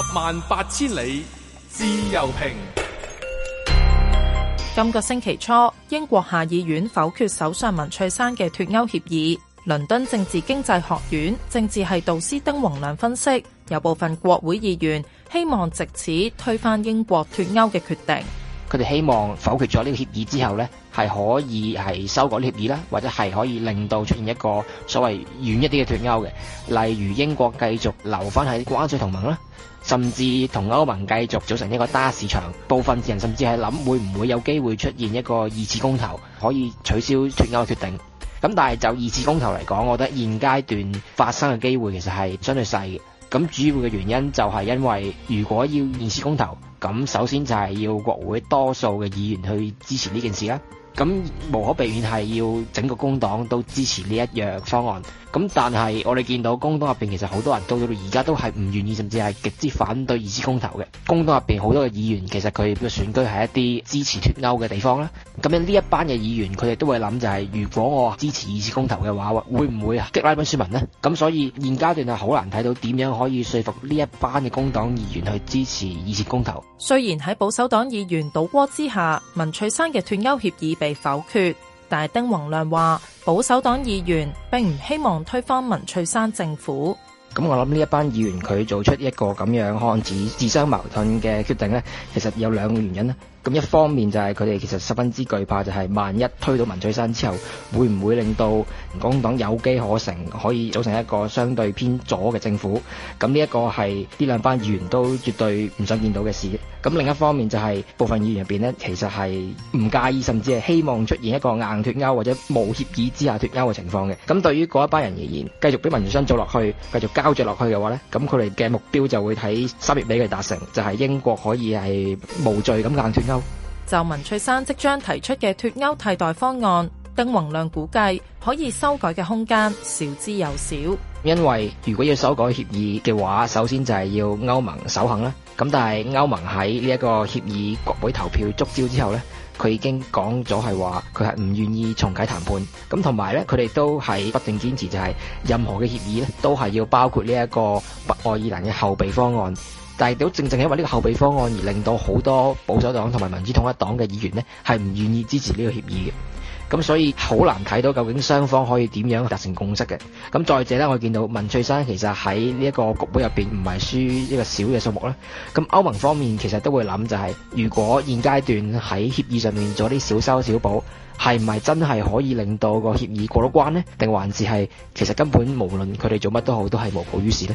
十萬八千里自由評。今個星期初，英國下議院否決首相文翠珊嘅脱歐協議。倫敦政治經濟學院政治系導師丁宏量分析，有部分國會議員希望借此推翻英國脱歐嘅決定。佢哋希望否決咗呢個協議之後呢，係可以係修改呢個協議啦，或者係可以令到出現一個所謂軟一啲嘅脫歐嘅，例如英國繼續留翻喺關稅同盟啦，甚至同歐盟繼續組成一個單市場。部分人甚至係諗會唔會有機會出現一個二次公投，可以取消脫歐嘅決定。咁但係就二次公投嚟講，我覺得現階段發生嘅機會其實係相對細嘅。咁主要嘅原因就係因為，如果要現時公投，咁首先就係要國會多數嘅議員去支持呢件事啦。咁無可避免係要整個工黨都支持呢一樣方案。咁但係我哋見到工黨入面其實好多人到到而家都係唔願意，甚至係極之反對二次公投嘅。工黨入面好多嘅議員其實佢嘅選區係一啲支持脫歐嘅地方啦。咁樣呢一班嘅議員佢哋都會諗就係，如果我支持二次公投嘅話，會唔會激拉班選民呢？咁所以現階段係好難睇到點樣可以說服呢一班嘅工黨議員去支持二次公投。雖然喺保守黨議員倒戈之下，文翠珊嘅脫歐協議否決，但係丁宏量話保守黨議員並唔希望推翻文翠山政府。咁我諗呢一班議員佢做出一個咁樣看似自相矛盾嘅決定咧，其實有兩個原因咧。咁一方面就係佢哋其實十分之懼怕，就係萬一推到文翠珊之後，會唔會令到工黨有機可乘，可以組成一個相對偏左嘅政府？咁呢一個係呢兩班議員都絕對唔想見到嘅事。咁另一方面就係部分議員入邊咧，其實係唔介意，甚至係希望出現一個硬脱歐或者無協議之下脱歐嘅情況嘅。咁對於嗰一班人而言，繼續俾文翠珊做落去，繼續交著落去嘅話咧，咁佢哋嘅目標就會喺三月尾俾佢達成，就係、是、英國可以係無罪咁硬脱歐。就文翠珊即將提出嘅脫歐替代方案，丁宏量估計可以修改嘅空間少之又少，因為如果要修改協議嘅話，首先就係要歐盟首肯啦。咁但係歐盟喺呢一個協議國會投票觸礁之後咧，佢已經講咗係話佢係唔願意重啟談判。咁同埋咧，佢哋都係不斷堅持就係任何嘅協議咧，都係要包括呢一個北愛爾蘭嘅後備方案。但係都正正因為呢個後備方案而令到好多保守黨同埋民主統一黨嘅議員呢係唔願意支持呢個協議嘅，咁所以好難睇到究竟雙方可以點樣達成共識嘅。咁再者呢，我見到文翠珊其實喺呢一個局本入邊唔係輸一個小嘅數目咧。咁歐盟方面其實都會諗就係、是，如果現階段喺協議上面做啲小修小補，係唔係真係可以令到個協議過咗關呢？定還是係其實根本無論佢哋做乜都好，都係無補於事呢？